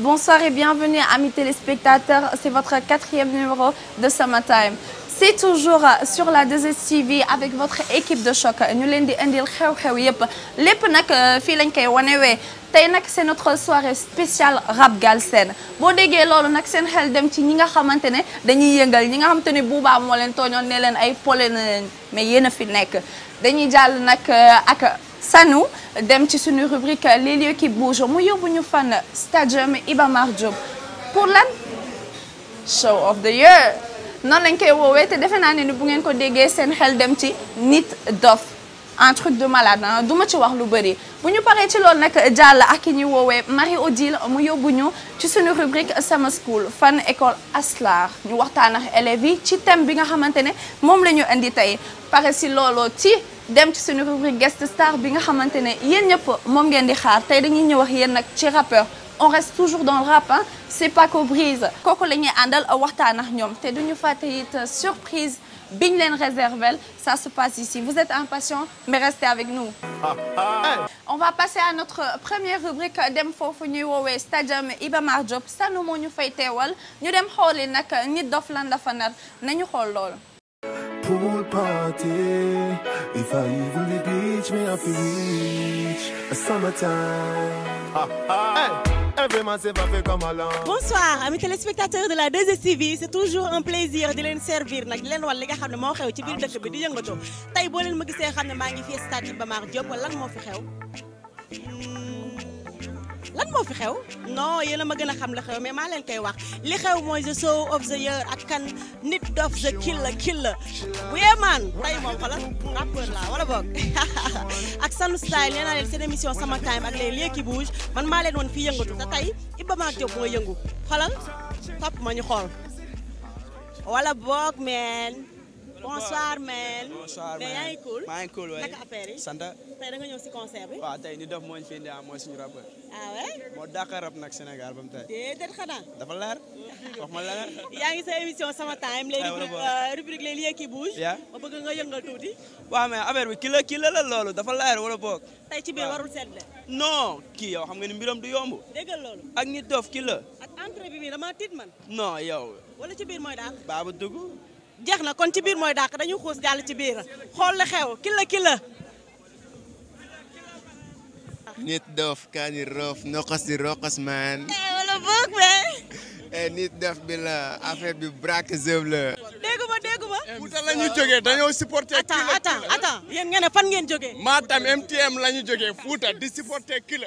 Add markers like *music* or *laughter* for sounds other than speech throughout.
Bonsoir et bienvenue amis téléspectateurs, c'est votre quatrième numéro de Summertime. c'est toujours sur la 2STV avec votre équipe de choc ñu leen di indil xew-xew yëpp lépp nag euh, fii lañ koy wanewee tey nag c'est notre soirée spéciale rap galsen boo déggee loolu nag seen xel dem ci ñi nga xamante ne dañuy yëngal ñi nga xamante ne buubaa moo leen tooñoon ne leen ay pole na leen mais yéen a fi nekk dañuy jàll nag euh, ak Sanu dem ci suñu rubrique les lieux qui bougent mu yóbbu ñu fan stadium Iba Mar pour lan show of the lañ koy woowee te defe naa ne ni bu ngeen ko déggee seen xel dem ci nit dof un truc de malade ah du ma ci wax lu bëri bu ñu paree ci loolu nag jàll ak ki ñuy woowee Marie Odile mu yóbbu ñu ci suñu rubrique Sama School fan école Aslar ñu waxtaan ak élèves yi ci thème bi nga xamante ne moom lañu ñu indi tey pare si looloo ci. dem ci suñu rubrique guest star bi nga xamante ne yéen ñëpp moom ngeen di xaar tey dañuy ñëw wax yéen nag ci rappeur on reste toujours dans le rap hein c'est Paco Brise kooku la ñuy àndal waxtaan ak ñoom te duñu fàtte it euh, surprise biñ leen réservel ça se passe ici vous êtes impatient mais restez avec nous *laughs* on va passer à notre première rubrique dem fu ñu woowee stadium Iba Mar Diop sanu moo ñu fay teewal ñu dem xooli nag nit dof lan dafa nar ñu xool lool pool party. If I even the beach, me have to reach a summertime. Ah, ah. Hey. bonsoir amis de la 2STV c'est toujours un plaisir di leen servir nag di leen wan li nga xam ne moo xew ci biir dëkk bi di yëngatoo tey boo leen ma gisee xam ne maa ngi fii stade Iba Mar lan moo fi xew lan moo fi xew non yéen a ma gën a xam la xew mais maa leen koy wax li xew mooy the show of the year ak kan nit dof the killer killer bu yee maan tey moom xoolal rappeur la wala boog *laughs* ak sanu style nee leen seen émission sama time ak les lieux qui bougent man maa leen woon fii yëngatu te tey Iba Mar Diop mooy yëngu xoolal topp ma ñu xool wala boog meen bonsoir Mel. bonsoir Mel mais yaa ngi cool. maa ngi cool waaye naka affaire yi. sant. tey da nga ñëw si concert bi. waaw tey ñu def moo ñu fi indi ah mooy suñu rappeur. ah ouais. moo dàq rap nag Sénégal ba mu tey. déedéet xanaa. dafa leer *laughs* wax ma leer. yaa ngi sa émission sama time. léegi rubrique les *laughs* euh, lieux qui bougent. yaa ma bëgg nga yëngal tuuti. waaw mais affaire bi ki la ki la la loolu dafa leer wala boog. tey ci biir warul seet de. non kii yow xam nga ni mbiram du yomb. déggal loolu. ak ñi dof ki la. ak entrée bi nii dama tiit man. non yow. wala ci biir mooy daal. baabu dugg. jeex na kon ci biir mooy dàq dañu xuus jàll ci biir xool la xew kila kila nit doof kaani roof noqos di roqos man eh, wala boog be eh, nit doof bi la affaire bi braque zëb la dégguma dégguma wuta eh, la ñu jógee dañoo supporté attends attends attends ngeen ne fan ngeen jógee Matam MTM la ñu di supporté kila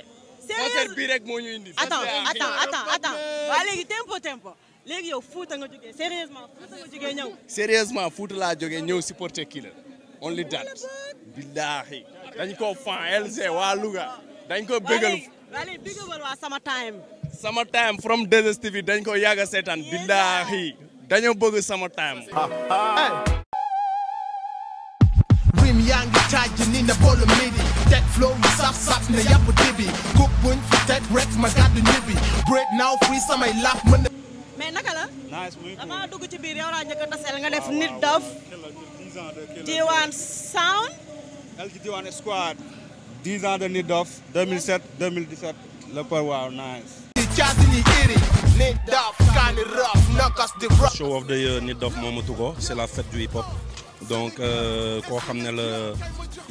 concert bi rek moo ñu indi attends attends attends attends tempo tempo léegi yow Fouta nga jógee sérieusement Fouta nga jógee ñëw. laa jógee ñëw supporter kii la on billaahi dañ ko fan LG waa Louga dañ ko bégal sama time sama time from 2STV dañ ko yàgg a seetaan billaahi dañoo bëgg sama time wim yaa ngi taaj ni na boolu midi flow yu saf saf na yàpp dibi cook buñ fi teg rek ma gàddu break now free samay laaf mën mais naka la. dama dugg ci biir yow laa njëkk a nga def nit dof. Diwane Sound. show of the nit dof moomatu ko c'est la fête du hip hop. donc euh, koo xam ne la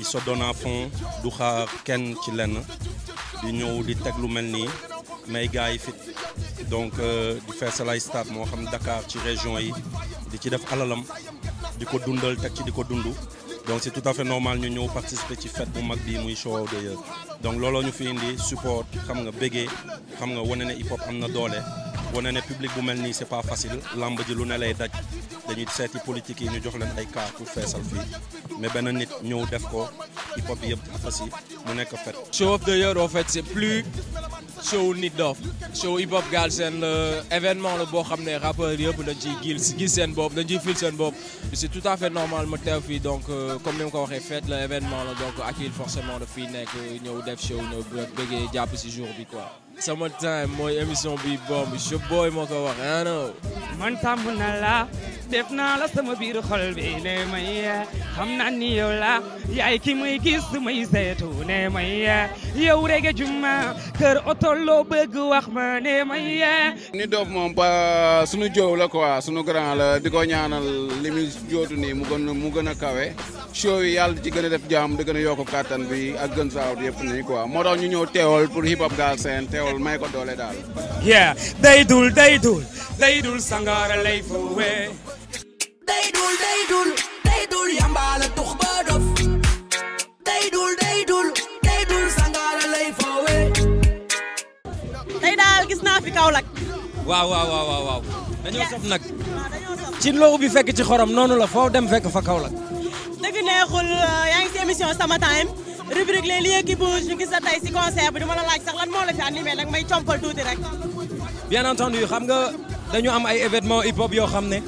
il se donne du xaar kenn ci lenn di ñëw di teg lu mel nii. may gars yi fit donc euh, di ay stade moo xam dakaar ci région yi di ci def alalam di ko dundal teg ci di ko dund donc c'est tout à fait normal ñu ñëw participer ci fête bu mag bi muy show of the year donc looloo ñu fi indi support xam nga bëggee xam nga wane ne hip am na doole wane ne public bu mel nii c'est pas facile lamb ji lu ne lay daj dañuy seeti politique yi ñu jox leen ay cas pour feesal fii mais benn nit ñëw def ko hip hop yëpp mu nekk fête. show nit dof show hip hop Galsen la événement la boo xam ne rappeurs yëpp dañ ciy gis seen boob dañ ciy fil seen bopp c'est tout à fait normal ma teew fii donc euh, comme ni ma ko waxee fête la événement la donc ak il forcément la fi nekk ñëw def show ñëw bëggee jàpp si jour bi quoi sama time mooy émission bi bomb je moo ko wax ah man tàmb na la def naa la sama biir xol bi ne may xam naa ni yaay ki muy gis may seetu ne may yow rege juma kër oto bëgg wax ma ne may. ni doof moom ba sunu joow la quoi sunu grand la di ko ñaanal li muy jootu gën a kawe. show yi yàlla ci gën a def jàmm di gën yokk kàttan bi ak gën sa out yëpp nii quoi moo tax ñu ñëw teewal pour hip hop daal seen teewal may ko doole daal. yeah day dul day dul day tux ba dof day dul day dul day dul sangara lay fowe. tey daal gis naa fi Kaolack. waaw waaw waaw waaw dañoo ci loo bi fekk ci xorom noonu la foo dem fekk fa Kaolack. dëgg neexul euh, yaa ngi si émission sama time rubrique les lieux qui bougent ñu gis la tey si concert bi du la laaj sax lan moo la fi animé nag may compal tuuti rek. bien entendu xam nga dañu am ay événement hip hop yoo xam ne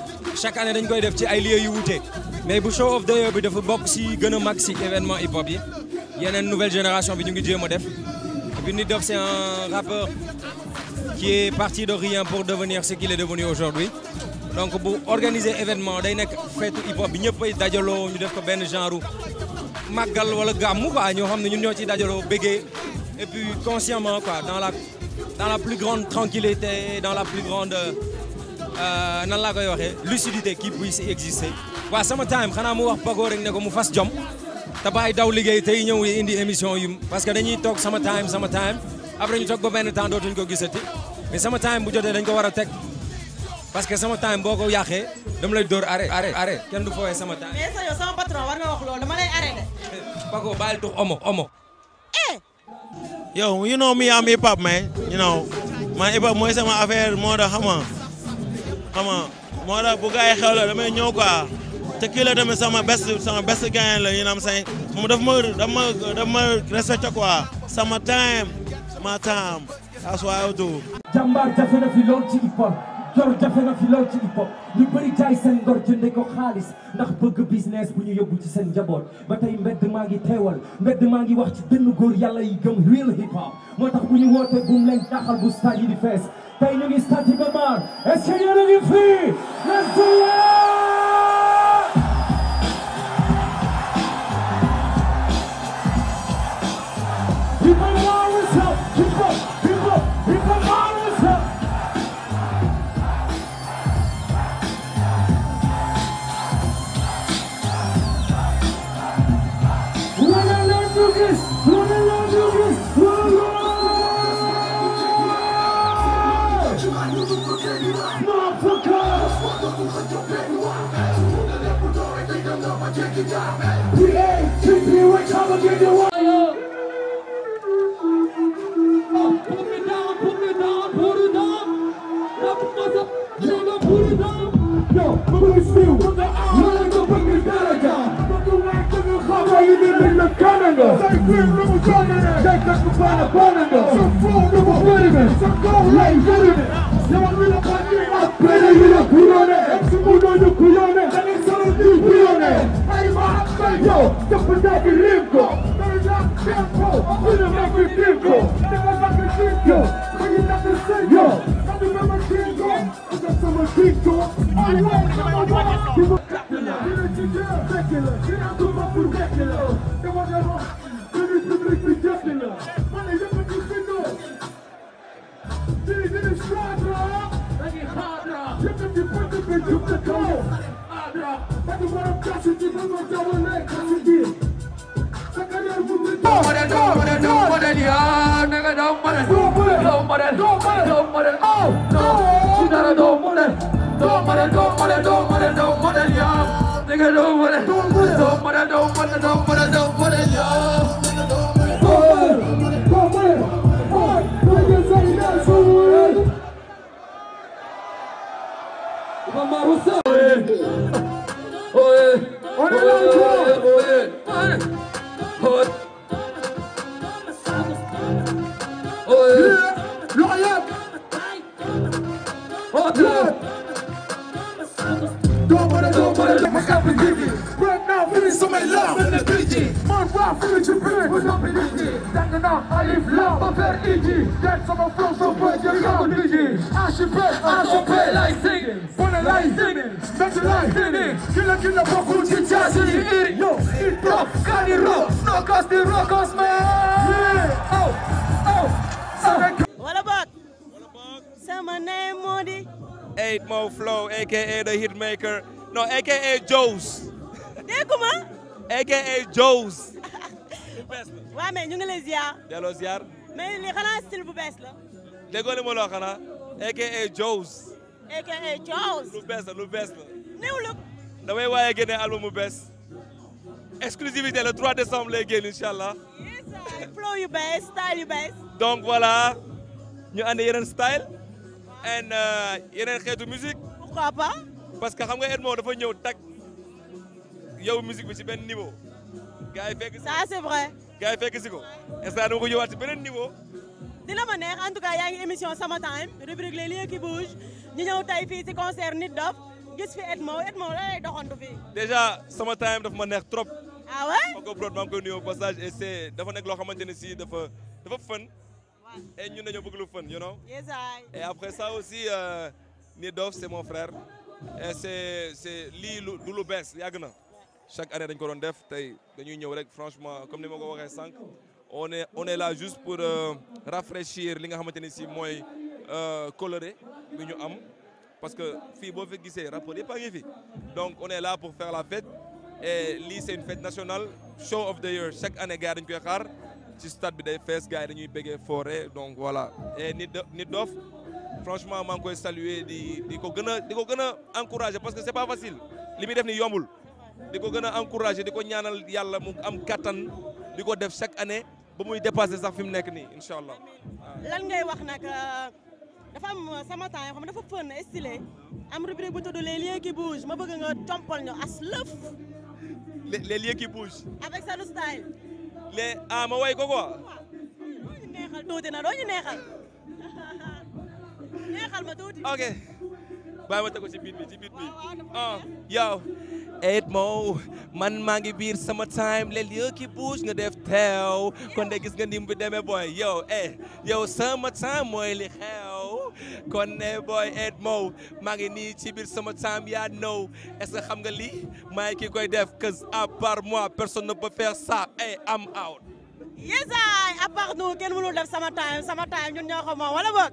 chaque année dañ koy def ci ay lieux yu wuute mais bu show of the year bi dafa bokk si gën a mag si événement hip hop yi yeneen nouvelle génération bi ñu ngi jéem a def Nit Doff c'est un rappeur qui est parti de rien pour devenir ce qu'il est devenu aujourd'hui donc bu organiser événement day nekk feetu hip hop bi ñëppay dajaloo ñu def ko benn genre màggal wala gàmmu quoi ñoo xam ne ñun ñoo ciy dajaloo bëggee et puis consciemment quoi dans la dans la plus grande tranquillité dans la plus grande euh, nan laa koy waxee lucidité qui puisse exister. waaw sama time xanaa mu wax Pago rek ne ko mu fas jom te bàyyi daw liggéey tey ñëw indi émission yu parce que dañuy toog sama time sama time après ñu toog ba benn temps dootuñu ko gisati mais sama time bu jotee dañ ko war a teg. parce que sama temps boo ko dama lay dóor arrêt arrêt arrêt kenn du fooyee sama temps. mais sa yow sama patron war nga wax loolu dama lay arrêté. Paco bàyyi tux omo omo. eh. yow you know me am hip hop man you know man hip mooy sama affaire moo tax xam nga moo tax bu xew la damay ñëw quoi te kii la tamit sama best sama la you know am say moom ma daf ma sama time sama time that's why I do. jàmbaar jafe fi lool ci hip hop. loolu jafe na fi lool ci hip hop bëri jaay seen ngor jënde ko xaalis ndax bëgg business bu ñu yóbbu ci seen njaboot ba tey mbedd maa ngi teewal mbedd maa ngi wax ci dënn góor yàlla yi gëm real hip hop moo tax bu ñu wootee bu mu leen bu stade yi di fees tey ñu ngi stade Iba Mar est-ce que yéen a ngi fii let's do it go. doo bëre doo bëre ma kàpp ngir gi right now firi samay laam na kër ji man waa firi ci biir bu noppi nit ñi dang naa alif laam ba fer i ji dead sama flow so boy jël kaw nit ñi ashipe ashipe lay singing bone lay singing mekk lay singing kila kila bokkul ci jaasi yi iri yo it rock kani rock knock us the rock us man yeah oh oh oh wala boog sama nay moo di 8 Mo Flow aka the hitmaker non aka Joes. dégguma. aka Joes. *laughs* waaw mais ñu ngi lay ziar. delloo ziar. mais li xanaa style bu bees la. déggoo li ma loo xanaa. aka Joes. aka Joes. lu bees la lu bees la. new look. damay waaye génne album bu bees. exclusivité le 3 décembre lay génn incha allah. flow yu bees style yu bees. donc voilà ñu andi yeneen style. and euh, yeneen xeetu musique. pourquoi pas. parce que xam nga Edmond dafa ñëw tag yow musique bi ci benn niveau. gars yi fekk si ça c'est vrai. gars yi fekk si ko instant dama ko yóbbaat ci beneen niveau. dina ma neex en tout cas yaa ngi émission sama time rubrique les lieux qui bougent ñu ñëw tey fii concert Nit Doff gis fi Edmond Edmond la lay doxantu fii. déjà sama time dafa ma neex trop. ah ouais. ma ko prod maa dafa nekk loo xamante ne si dafa dafa fun. Et nous, nous beaucoup fun, you know? Yes, I. Et après ça aussi, euh, Nidov, c'est mon frère. Et c'est, c'est lui, Louloubès, Yagna. Chaque année, nous avons fait franchement, comme nous l'avons dit, on est, on est là juste pour euh, rafraîchir ce que nous avons euh, coloré. Parce que si vous voyez, rapport n'est pas arrivé. Donc on est là pour faire la fête. e lui, c'est une fête nationale, show of the year. Chaque année, nous avons fait ci stade bi day fees gars yi dañuy bëggee foore donc voilà et nit nit franchement maa ngi koy saluer di di ko gën a di ko gën a parce que c'est pas facile li muy def ni yombul di ko gën a encourager di ko ñaanal yàlla mu am kattan di ko def chaque année ba muy dépasser sax fi mu nekk nii incha allah. lan ngay wax nag euh, dafa am euh, sama temps yoo xam dafa fën stylé am rubrique bu tudd les ma bëgg nga tompal ñu as lëf. les les avec sa style. les ah ma ko quoi. ok bàyyi ma teg ci biir bi ci ah, yow. et moo man maa ngi biir sama time leel yëkki bouge nga def teew kon gis nga ni mu demee booy yow eh yow sama time mooy li xew. kon ne booy Ed Mo maa ngi nii ci biir sama time yaa know est que xam nga lii maay ki koy def cause à part moi personne ne peut faire ça et I'm out. yes I à part nous kenn mënul def sama time sama time ñun ñoo ko wala boog.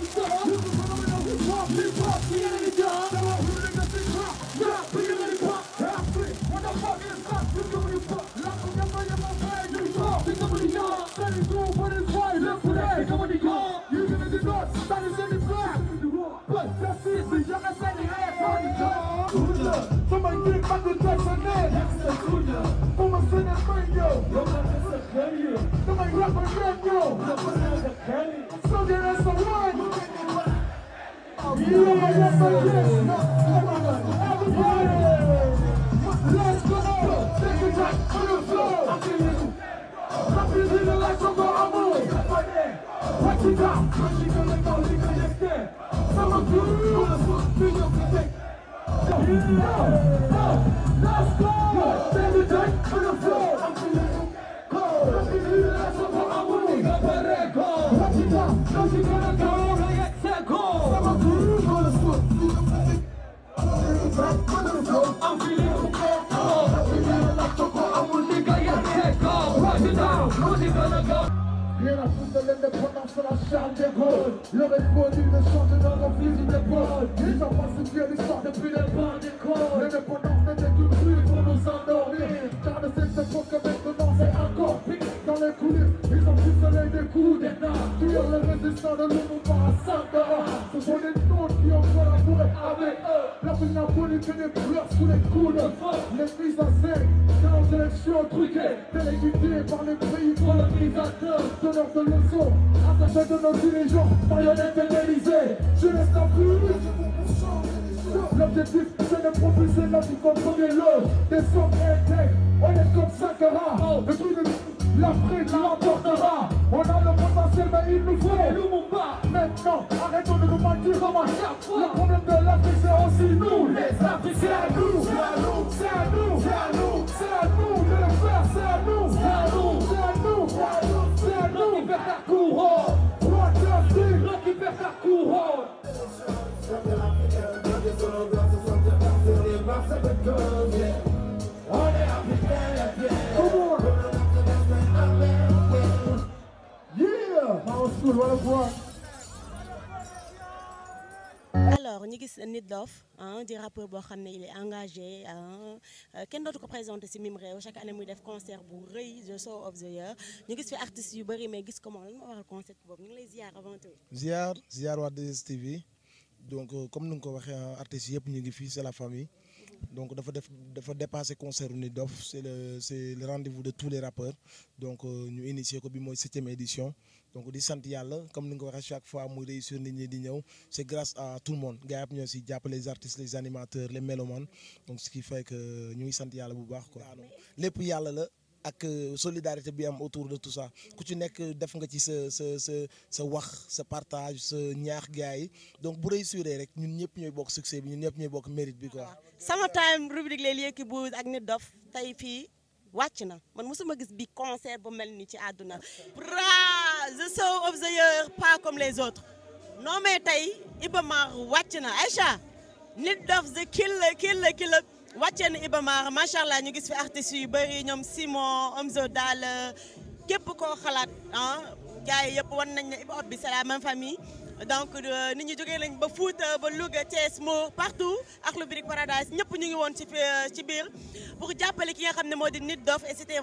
Cooler. Somebody get back to Jackson Jackson Cooler. Mama send a friend, yo. Yo, that's a carrier. Somebody rap a rap, yo. Represent the carrier. So there is a one. Yeah, yes, I guess. Everybody. Let's go. Take it back to the floor. I'm feeling. I'm feeling like I'm going to move. Break it down. Break it down. l'indépendance de la charge des Gaules. Le répondu a change dans nos fusils d'épaule. Ils ont pacifié l'histoire depuis les bancs d'école. är cool denna Du gör en resistad och lov och bara sakta Så får det någon jag bara på ett arbete Lapparna på din kan det plats på den kunden Les mises à sec dans l'élection truquée Téléguidée par les pays colonisateur Donneur de leçons Attaché de nos dirigeants Marionnette égalisée Je laisse la pluie L'objectif c'est de propulser la vie comme premier lot Des sommes intègres On est comme Sakara Le truc de l'Afrique l'emportera. On a le potentiel, mais il nous faut le Lumumba. Maintenant, arrêtons de nous mentir comme à chaque fois. Le problème de l'Afrique, c'est aussi nous, les Africains. C'est à nous, c'est à nous, c'est à nous, c'est à nous, c'est à nous de le faire, c'est à nous, c'est à nous, c'est à nous, c'est à nous, c'est à nous, alors ñu gis Nit Doff di rappeur boo xam ne il est engagé kenn dootu ko présenté si mim réew chaque année muy def concert bu rëy the show of the year ñu gis fi artistes yu bëri mais gis ko moom lan moo waral concert boobu ñu ngi lay ziar avant tout. ziar ziar waa donc euh, comme ni nga ko waxee artistes yëpp ñu ngi fii c'est la famille. donc dafa def dafa dépasser concert Nit Doff c'est le c'est le rendez-vous de tous les rappeurs donc euh, ñu initier ko bi mooy septième édition. donc di sant yàlla comme ni nga ko waxee chaque fois muy réussir nit ñi di ñëw c' est grâce à tout le monde gars yi si jàppale les artistes les animateurs les mélomanes donc ce qui fait que ñu ngi sant yàlla bu baax quoi. lépp yàlla la ak euh, solidarité bi am autour de tout ça ku ci nekk def nga ci sa sa sa sa wax sa partage sa ñaax gaa yi donc bu réussir rek ñun ñëpp ñooy bokk succès bi ñun ñëpp ñooy bokk mérite bi quoi. sama time rubrique les lieux qui bougent ak Nit Dof tey fii wàcc na man mosuma gis bi concert bu mel nii ci àdduna. the show of the year pas comme les autres non mais tey Iba Mar wàcc na Aïcha nit dof the killer killer killer wàccee na Iba Mar macha allah ñu gis fi artistes yu bëri ñoom Simon Omzo Dalla képp koo xalaat ah gars yi yëpp wan nañ ne Iba la même famille donc euh, ni ñi jógee lañ ba Fouta ba Louga Thiès Mbour partout ak lu birik Paradise ñëpp ñu ngi woon ci euh, ci biir pour jàppale ki nga xam ne moo di nit dof et c'était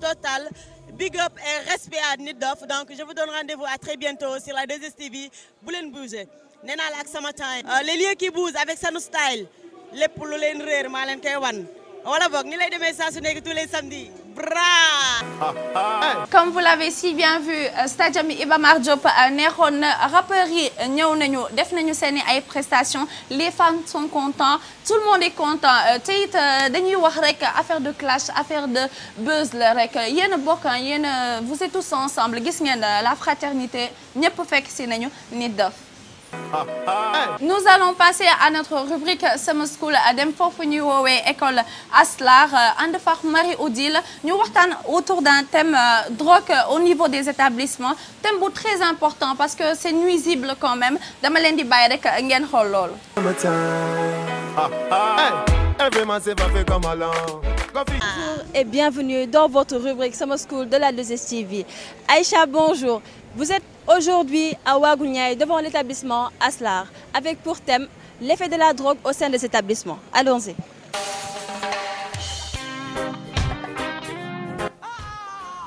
total. Big up et respect à Nidof. Donc, je vous donne rendez-vous à très bientôt sur la 2STV. Boulen bouger. Nenal ak sama time. Euh, les lieux qui bougent avec Sanu Style. lépp lu leen réer maa leen koy wan wala boog ni lay demee saa su nekk tous les bras. comme vous l'avez si bien vu euh, stadium Iba Mar Diop euh, neexoon na rappeurs yi euh, ñëw nañu def nañu seeni ay prestations les fans sont contents tout le monde est content te it dañuy wax rek affaire de clash affaire de buzz la rek yéen a bokk yéen vous êtes tous ensemble gis ngeen la fraternité ñëpp fekk si nañu nit dof *laughs* nous allons passer à notre rubrique sama school dem foofu ñuy woowee école Aslar euh, ànd fax Marie Odile ñu waxtaan autour d'un thème euh, drogue au niveau des établissements thème bu très important parce que c'est nuisible quand même dama leen di bàyyi rek ngeen xool loolu Bonjour et bienvenue dans votre rubrique Summer School de la 2STV. Aïcha, bonjour. Vous êtes aujourd'hui à Wagouniaï devant l'établissement Aslar avec pour thème l'effet de la drogue au sein de cet Allons-y.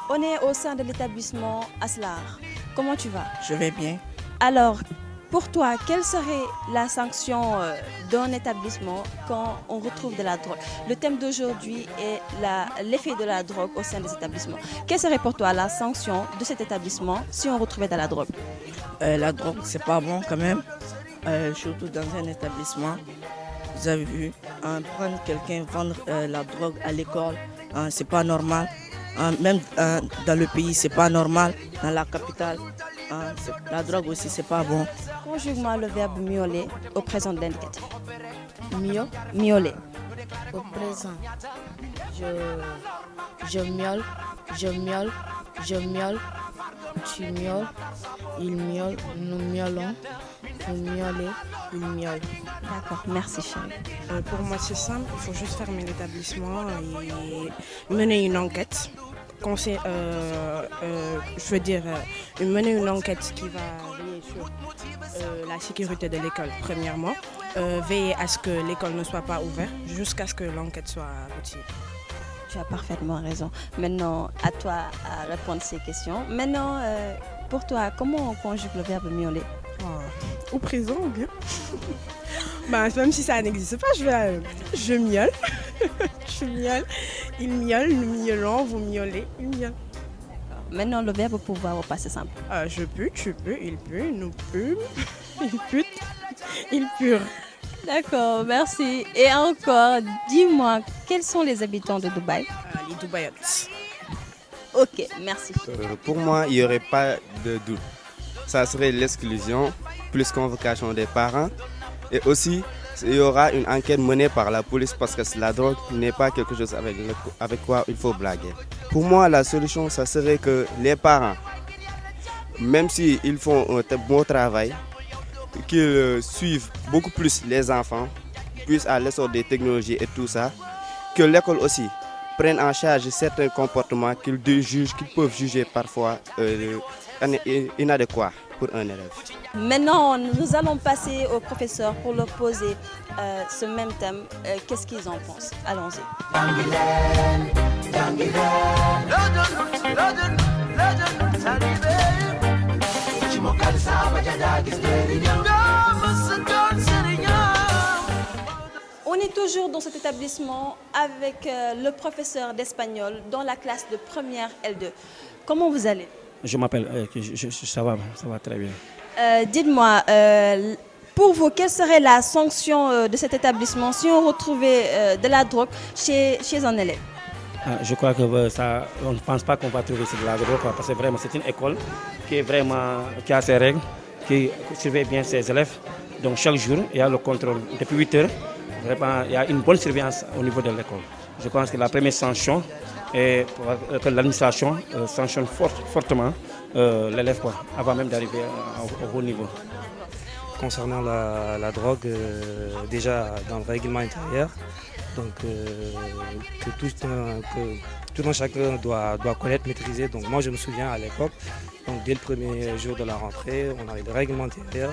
On est au sein de l'établissement Aslar. Comment tu Je vais bien. Alors, Pour toi, quelle serait la sanction euh, d'un établissement quand on retrouve de la drogue Le thème d'aujourd'hui est l'effet de la drogue au sein des établissements. Quelle serait pour toi la sanction de cet établissement si on retrouvait de la drogue euh, La drogue, c'est pas bon quand même, euh, surtout dans un établissement. Vous avez vu, hein, prendre quelqu'un, vendre euh, la drogue à l'école, hein, c'est pas normal. Hein, même dans le pays, c'est pas normal. Dans la capitale, Hein, la drogue aussi, c'est pas bon. Conjugue-moi le verbe mioler au présent de l'indicatif. Mio, mioler. Au présent. Je, je miaule, je miaule, je miaule, tu miaules, il miaule, nous miaulons, vous miaulez, il miaule. D'accord, merci chérie. Euh, pour moi, c'est simple, il faut juste fermer l'établissement et mener une enquête. conseil, euh, euh, je veux dire, euh, mener une enquête qui va venir sur la sécurité de l'école, premièrement, veiller à ce que l'école ne soit pas ouverte jusqu'à ce que l'enquête soit aboutie. Tu as parfaitement raison. Maintenant, à toi à répondre ces questions. Maintenant, pour toi, comment on conjugue le verbe miauler oh, au présent ou bien *laughs* bah, Même si ça n'existe pas, je, vais, je miaule. *laughs* je miaule. Il miaule, nous miaulons, vous miaulez, il miaule. Maintenant, le verbe pouvoir au passé simple. Euh, je pue, tu peux, il pue, nous pûmes, *laughs* il pute, il pure. D'accord, merci. Et encore, dis-moi, quels sont les habitants de Dubaï euh, Les Dubaïotes. Ok, merci. Euh, pour moi, il n'y aurait pas de doute. ça serait l'exclusion plus convocation des parents. Et aussi, il y aura une enquête menée par la police parce que la drogue n'est pas quelque chose avec, avec quoi il faut blaguer. Pour moi, la solution, ça serait que les parents, même s'ils si font un bon travail, qu'ils euh, suivent beaucoup plus les enfants, plus à l'essor des technologies et tout ça, que l'école aussi prenne en charge certains comportements qu'ils jugent, qu'ils peuvent juger parfois euh, inadéquat pour un élève. Maintenant, nous allons passer aux professeurs pour leur poser euh, ce même thème. Euh, qu'est-ce qu'ils en pensent On est toujours dans cet établissement avec euh, le professeur d'espagnol dans la classe de première L2. Comment vous allez Je m'appelle. Euh, je, je, ça, va, ça va très bien. Euh, euh pour vous, quelle serait la sanction euh, de cet établissement si on retrouvait euh, de la drogue chez, chez un élève ah, Je crois que ça, on ne pense pas qu'on parce que vraiment c'est une école qui, est vraiment, qui a ses règles, qui surveille bien ses élèves. Donc chaque jour, il y a le contrôle. Depuis 8 heures, vraiment, il y a une bonne surveillance au niveau de l'école. Je pense que la première sanction est que l'administration euh, sanctionne fort, fortement euh, l'élève avant même d'arriver au haut niveau. Concernant la, la drogue, euh, déjà dans le règlement intérieur, donc euh, que, tout, euh, que tout un chacun doit, doit connaître, maîtriser. Donc moi je me souviens à l'époque, donc dès le premier jour de la rentrée, on avait le règlement intérieur,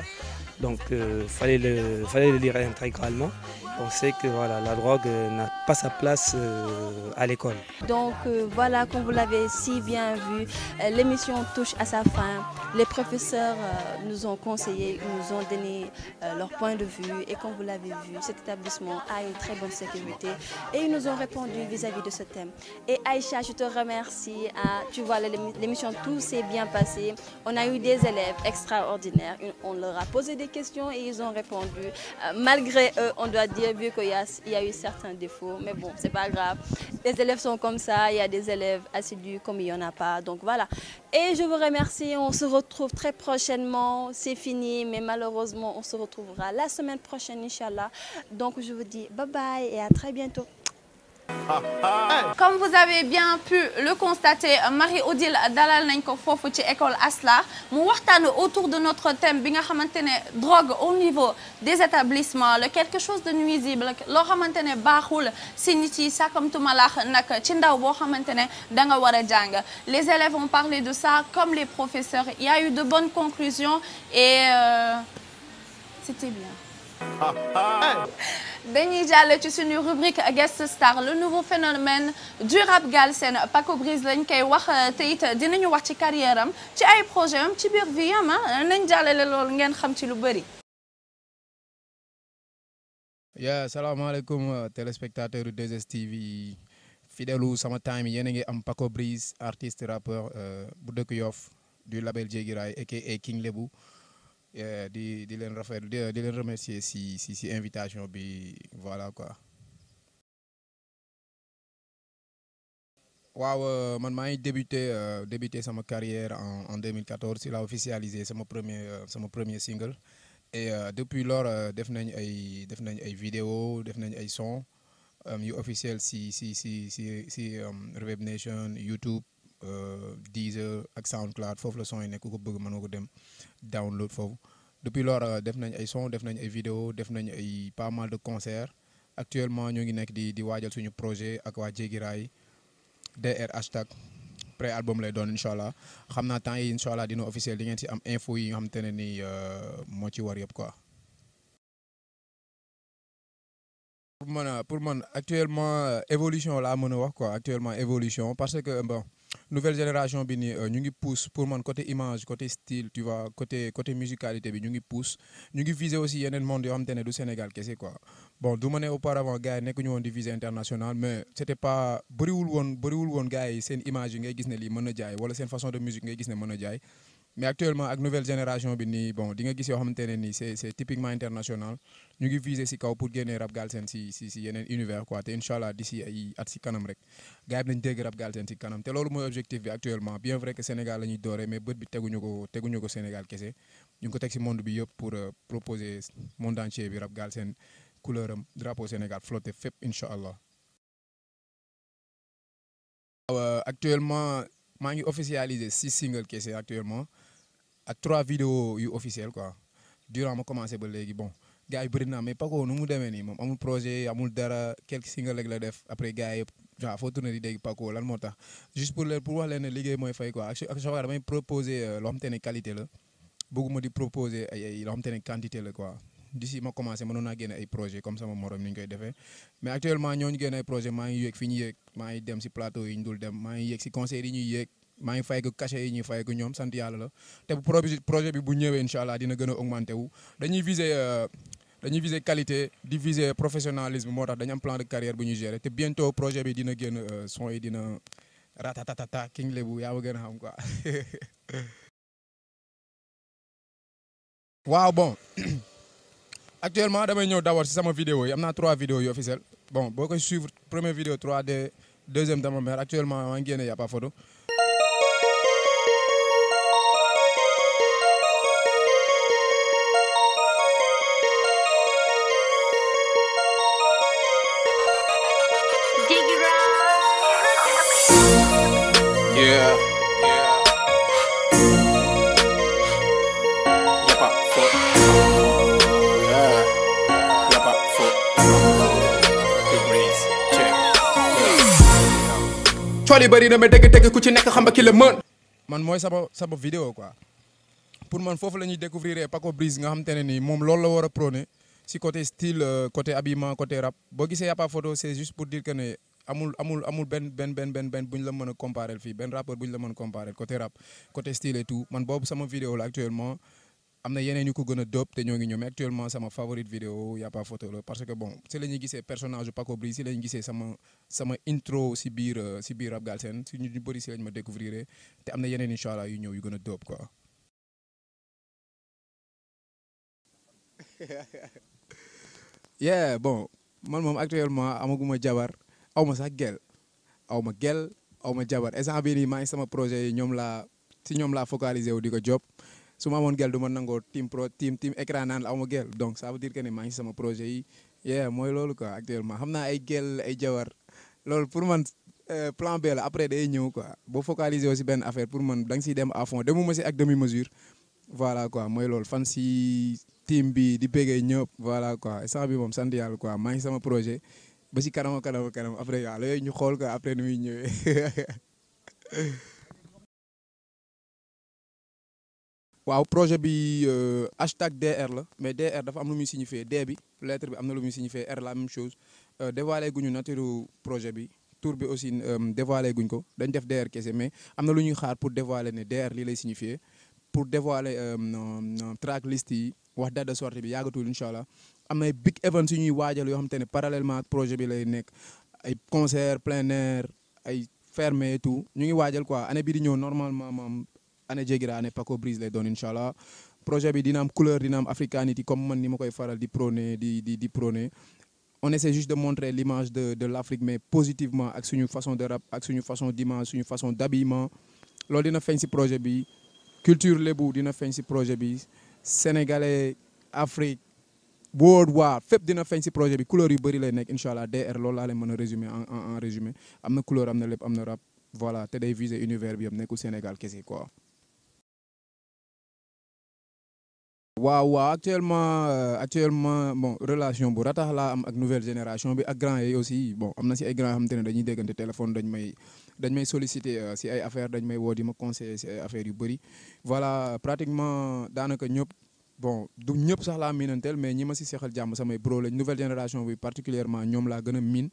donc il euh, fallait, le, fallait le lire intégralement. on sait que voilà, la drogue euh, n'a pas sa place euh, à l'école. Donc euh, voilà, comme vous l'avez si bien vu, euh, l'émission touche à sa fin. Les professeurs euh, nous ont conseillé, nous ont donné euh, leur point de vue et comme vous l'avez vu, cet établissement a une très bonne sécurité et ils nous ont répondu vis-à-vis -vis de ce thème. Et Aïcha, je te remercie. Hein, ah, tu vois, l'émission tout s'est bien passé. On a eu des élèves extraordinaires. On leur a posé des questions et ils ont répondu. malgré eux, on doit dire J'ai vu qu'il y, y, a eu certains défauts, mais bon, c'est pas grave. Les élèves sont comme ça, il y a des élèves assidus comme il n'y en a pas. Donc voilà. Et je vous remercie, on se retrouve très prochainement. C'est fini, mais malheureusement, on se retrouvera la semaine prochaine, Inch'Allah. Donc je vous dis bye bye et à très bientôt. *laughs* comme vous avez bien pu le constater Marie-Odile dalal nañ ko foofu ci école Asla mu waxtaan autour de notre thème bi nga xamante ne drogue au niveau des établissements la quelque chose de nuisible loo xamante ne baaxul si nit yi sàkkamtumalaax nag ci ndaw boo xamante ne da nga a jàng les élèves ont parlé de ça comme les professeurs il y a eu de bonnes conclusions et euh, c'était bien *laughs* dañuy jàll ci suñu rubrique guest star le nouveau phénomène du rap galsen Paco Briz lañ koy wax euh, te it dinañu wax ci carrière am ci ay projet am ci biir vie am ah. nañ jàllale loolu ngeen xam ci lu bëri. yaa salaamaaleykum euh, téléspectateur 2STV fidèlu sama time yéen a ngi am Paco Briz artiste rappeur euh, bu dëkk Yoff du label Jéegiraay aka Lebu. di di leen rafet di leen remercier si si si invitation bi voilà quoi. waaw euh, man maa ngi débuté euh, débuté sama carrière en en 2014 si la officialisé sama premier euh, sama premier single et depuis lors def nañ ay def nañ ay vidéo def nañ ay son officiel si si si si si Reverb Nation YouTube. Euh, Deezer ak SoundCloud foofu la son yi nekk ko bëgg mën nga ko dem download foofu depuis lors euh, def nañ ay son def nañ ay vidéo def nañ ay pas mal de concert actuellement ñoo ngi nekk di di waajal suñu projet ak waa Jéggi Raay DR hashtag pré album lay doon incha allah xam naa temps yi incha allah dina officiel di ngeen si am info yi nga xamante ne ni euh, moo ci war yëpp quoi. pour man man actuellement évolution laa mën a wax quoi actuellement évolution parce que bon. nouvelle génération bi ni euh, ñu ngi pousse pour man côté image côté style tu vois côté côté musicalité bi ñu ngi pousse ñu ngi viser aussi yeneen monde yoo xam te ne du Sénégal kese quoi bon du ma ne auparavant nekk ñu woon di viser international mais c' pas bëriwul woon bëriwul woon gars seen image yi ngay gis ne lii mën a jaay wala seen façon de musique ngay gis ne mën a jaay mais actuellement ak nouvelle bi nii bon di gis yoo xamante ne nii c'est c'est typiquement international ñu ngi viser si kaw pour génnee rap galsen si si si yeneen univers quoi te incha allah d'ici kanam rek gars yi nañ dégg rap si kanam te loolu mooy objectif bi actuellement bien vrai que Sénégal la mais bët bi teguñu ko teguñu ko Sénégal kese ñu ngi ko teg si monde bi yëpp pour euh, proposer monde entier bi rap galsen couleur am drapeau Sénégal flotté fépp incha allah. waaw euh, actuellement maa ngi officialiser six single kese actuellement. ak trois vidéos yu officiel quoi durant ma commencé ba léegi bon gars yi bëri naa mais nu mu demee nii moom amul projet amul dara quelques single rek la def après gars yëpp waaw foo tourné di dégg Paco lan moo tax juste pour leen pour wax leen ne liggéey mooy fay quoi ak chaque fois damay proposer euh, loo xam te ne qualité la bëgguma di proposer ay ay loo xam te quantité la quoi d'ici ma commencé mënoon naa génne ay projet comme sama morom ni ñu koy defee ngi yéeg fi ñu yéeg maa ngi dem si plateau yi dem maa ngi yéeg si concert yi ñuy yéeg maa ngi fay ko cachet yi ñuy fay ko ñoom sant yàlla la te bu projet bi bu ñëwee incha allah dina gën a augmenter wu dañuy viser euh, dañuy viser qualité di viser professionnalisme moo tax dañu am plan de carrière bu ñuy gérer te bientôt projet bi dina génn euh, son yi dina ratatatata King Lébu yaa ma gën a xam quoi. *laughs* waaw bon *clears throat* actuellement damay ñëw d'abord si sama vidéo yi am naa trois vidéos yu officiel bon boo koy suivre première vidéo 3D deuxième dama mère actuellement maa ngi génne col yi bëri na mais dëgg-dëgg ku ci nekk xam ki la mën. man mooy sama sama vidéo quoi pour man foofu la ñuy découvrir Paco Briz nga xam te ne nii moom loolu la war a prone si côté style euh, côté habillement côté rab boo gisee y'a pas photo c'est juste pour dire que ne amul amul amul benn benn benn benn benn bu la mën a comparé fii benn rappeur buñ la mën a comparé côté rap côté style tout man boobu sama vidéo la actuellement. am na yeneen yu ko gën a dóob te ñoo ngi ñoom actuellement sama favorite vidéo y a pas photo la parce que bon si la ñuy gisee personnage Paco Briz si la gisee sama sama intro si biir si euh, biir Rap Galsen si ñu bëri si lañ ma découvrir te am na yeneen incha allah yu ñëw yu gën a dóob quoi. *laughs* yeah moom actuellement amaguma jabar aw ma sax gel aw ma gel aw ma jabar instant bii maa sama projet ñoom laa si ñoom laa focaliser wu di ko job su ma amoon gel du ma nangoo team pro team team écran naan la aw ma gel donc ça veut dire que ne projet yi yeah mooy loolu quoi actuellement xam naa ay gel ay jawar loolu pour man euh, plan B la après day ñëw quoi boo focaliser aussi benn affaire pour man da nga siy dem à fond demuma si ak demi mesure voilà quoi mooy lool fan si team bi di béggee ñëpp voilà quoi sax bi moom sant yàlla quoi maa ngi sama projet ba si kanam kanam kanam après waaw yooyu ñu xool quoi après nu muy ñëwee *laughs* waaw projet bi euh, hashtag DR la mais DR dafa am lu muy signifié D bi lettre bi am na lu muy signifié R la même chose euh, dévoilé guñu nature projet bi tour bi aussi euh, dévoilé guñ ko dañ def DR kese mais am na lu ñuy xaar pour dévoiler ne DR lii lay signifié pour dévoiler track list yi wax date de sortie bi yàggatul incha allah am na ay big events yu ñuy waajal yoo xam te ne parallèlement ak projet bi lay nekk ay concert plein air ay fermé tout ñu ngi waajal quoi année bi di ñëw normalement maam année jéegira année Paco Brise lay doon incha allah projet bi dina am couleur dina am africanité comme man ni ma koy faral di prôné di di di prôné on essaie juste de montrer l'image de de l'Afrique mais positivement ak suñu façon de rap ak suñu façon d'image suñu façon d'habillement loolu dina feeñ si projet bi culture lébu dina feeñ si projet bi sénégalais Afrique world war fépp dina feeñ ci projet bi couleur yu bëri lay nekk incha allah DR loolu laa leen mën en en am na couleur am na lépp am na rap te viser univers bi yëpp nekkul Sénégal kese quoi. waaw waaw actuellement euh, actuellement bon relation bu ratax laa am ak nouvelle génération bi ak grand yi aussi bon am na si ay grand yoo xamante ne dañuy déggante téléphone dañ may dañ may solliciter euh, si ay affaires dañ may woo di ma conseiller si ay affaires yu bëri voilà pratiquement daanaka ñëpp bon du ñëpp sax laa miinanteel mais ñi ma si seexal jàmm samay bro lañ nouvelle génération bi particulièrement ñoom la gën a miin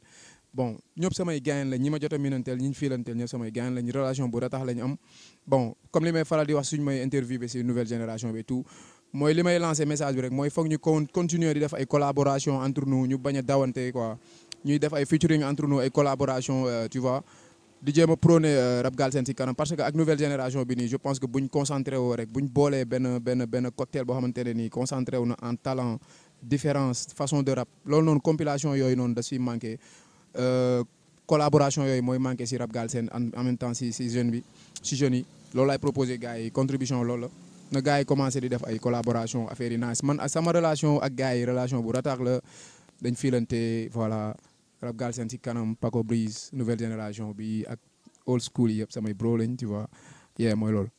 bon ñëpp samay gaayen la ñi ma jot a miinanteel ñi ñu fiilanteel ñëpp samay gaayen lañ ñu am bon comme li wax suñu may interviewé si nouvelle génération bi mooy li may lancé message bi rek mooy foog ñu continuer di def ay collaboration entre nous ñu bañ a dawante quoi ñuy def ay featuring entre nous ay collaboration euh, tu vois di a prôné euh, rap Galsen ci kanam parce que ak nouvelle génération bi nii je pense que buñ concentré woo rek buñ boolee benn benn benn cocktail boo xamante nii concentré wu na en talent différence façon de loolu noonu compilation yooyu noonu da ciy manqué euh, collaboration yooyu mooy manqué si rap Galsen en même temps ci ci bi ci yi loolu laay proposé gars yi contribution loolu la na gars yi commencé di def ay collaboration affaire yi nice man sama relation ak gars relation bu rataax la dañ filante voilà rap Galsen ci kanam Paco Breeze nouvelle génération bi ak old school yi yëpp samay bro lañ tu vois yee mooy loolu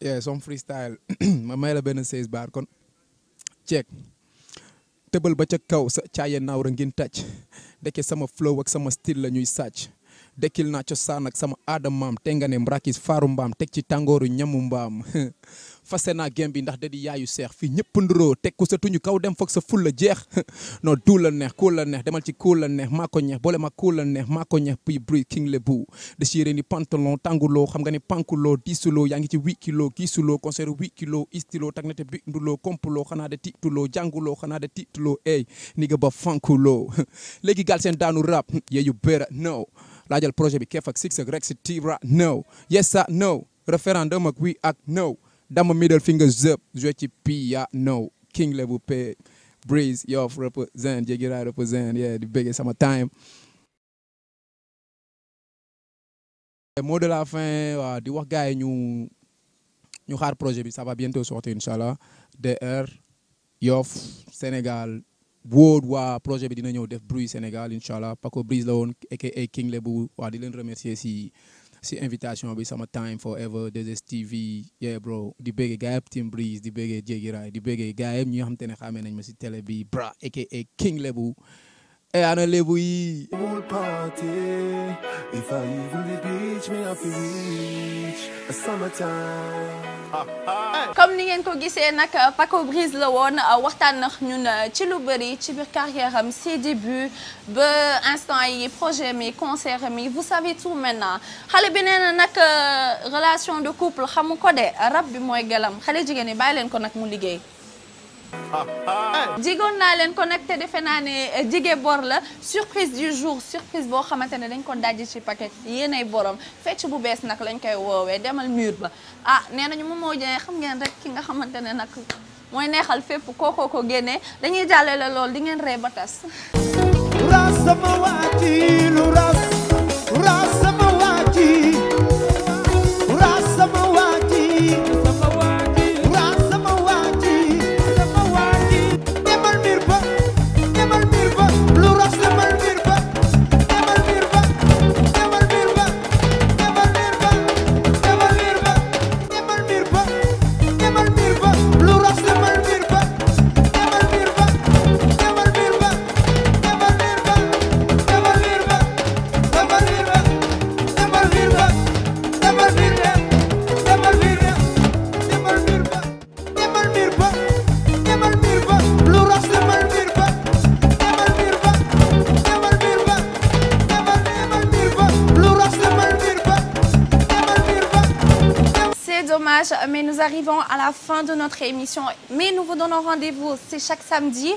yee some freestyle *clears throat* ma may la benn 16 bar kon check tëbal ba ca kaw sa caaye naaw ra ngeen tàcc deke sama flow ak sama style la ñuy sàcc dekkil naa cosaan ak sama aadam maam te nga ne mrakis faaru mbaam teg ci tàngooru ñamu mbaam *laughs* fase naa gem bi ndax da di yaayu seex fii ñëpp nduroo teg ko sa tuñu kaw dem foog sa ful la jeex *laughs* non duu la neex kuul la neex demal ci kuul neex maa ko ñeex boole ma kuul la neex maa ko ñeex puis bruit king le bu déchiré ni pantalon tànguloo xam nga ni pankuloo diisuloo yaa ngi ci huit kilos giisuloo concert huit kilos istiloo tag nate bi nduloo kompuloo xanaa de tituloo jànguloo xanaa de tituloo ey ni nga ba fankuloo *laughs* léegi gaal seen daanu rap yeeyu béra no laajal projet bi keef ak six ak rek si tibra no yes sa no référendum ak oui ak no dama middle fingers up joué ci piano king la bu pay breeze Yoff represent Jégiraa represent yeah di bëggee sama time moo de la fin waaw di wax gars ñu ñu xaar projet bi ça va bientôt sortir incha allah DR Yoff Sénégal wóor waa projet bi dina ñëw def bruit Sénégal incha allah Paco Breeze la woon aka King Lebu waa di leen remercier si si invitation bi sama time forever 2STV yeah bro di bëggee gars yëpp Team di bëggee Jéggi Raay di bëggee gars yëpp ñi nga xam te ne xamee nañ ma si tele bi bra aka King Lebu Hey, eh, I don't ni ngeen ko gisee nag Paco Briz la woon waxtaan nax ñun euh, ci lu bëri ci biir carrière am ses débuts ba instant yi projet mi concert mi vous savez tout maintenant xale bi nee na nag euh, relation de couple xamu ko de rab bi mooy gelam xale jigéen ñi bàyyi leen ko nag mu liggéey. *laughs* jigoon naa leen connecté defe naa ne eh, jige bor la surprise du jour surprise boo xamante ne dañ ko dajji ci paquet ay boroom fecc bu bees nag lañ koy woowee demal mur ba ah nee nañu mu moo jëlee xam ngeen rek ki nga xamante ne nag mooy neexal fépp kookoo ko génnee dañuy jàllale lool di ngeen ree ba tas. Euh, mais nous arrivons à la fin de notre émission. Mais nous vous donnons rendez-vous, c'est chaque samedi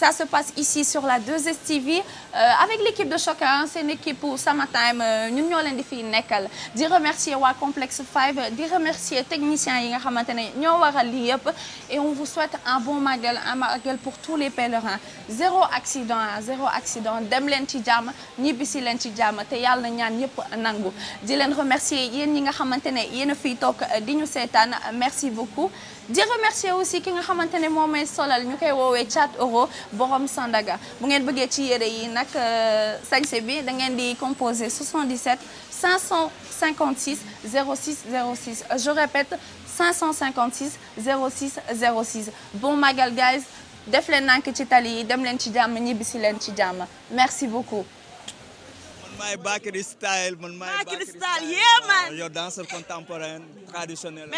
Ça se passe ici sur la 2STV euh, avec l'équipe de Choc hein, seen équipe Sama Time euh, ñun ñoo leen di fiy nekkal di remercier waa Complexe 5 di remercier techniciens yi nga xamante ne ñoo waral lii yëpp et on vous souhaite un bon magal un magal pour tous les pèlerins zéro accident ah zéro accident dem leen ci jàmm ñibbisi leen ci jàmm te yàlla na ñaan yëpp nangu di leen remercier yéen ñi nga xamante ne yéen a fiy toog di ñu seetaan merci beaucoup. di remercier aussi ki nga xamante ne moo may solal ñu koy woowee chat euro borom Sandaga bu ngeen bëggee ci yére yi nag euh, sañse bi da ngeen di composé 77 556 06 06 je répète 556 06 06 bon magal guys def leen nank ci tali yi dem leen ci jàmm ñibbisi leen ci jàmm merci beaucoup. man maay Bakary Style man maay Bakary Style yeah man yow danseur contemporain traditionnel.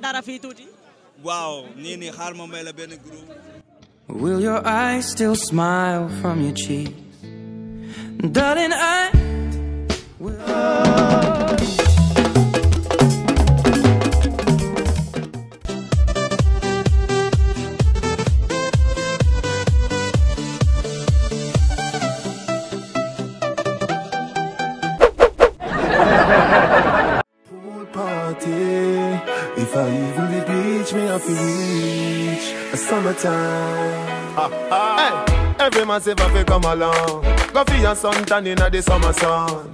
dara fii tuuti. waaw nii nii xaar ma may la benn groupe. Will your eyes still smile from your cheeks? Darling, I will. time. Ah, ah. Hey, every man say fi come along. Go for your sun tan inna the summer sun.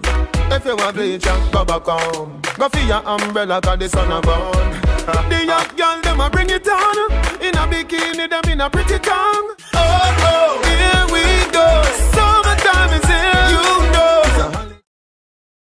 If you want bleach and go back home, go for your umbrella 'cause the sun a burn. the young girl them a bring it down. In a bikini them in a pretty tongue. Oh oh, here we go. Summertime is here. You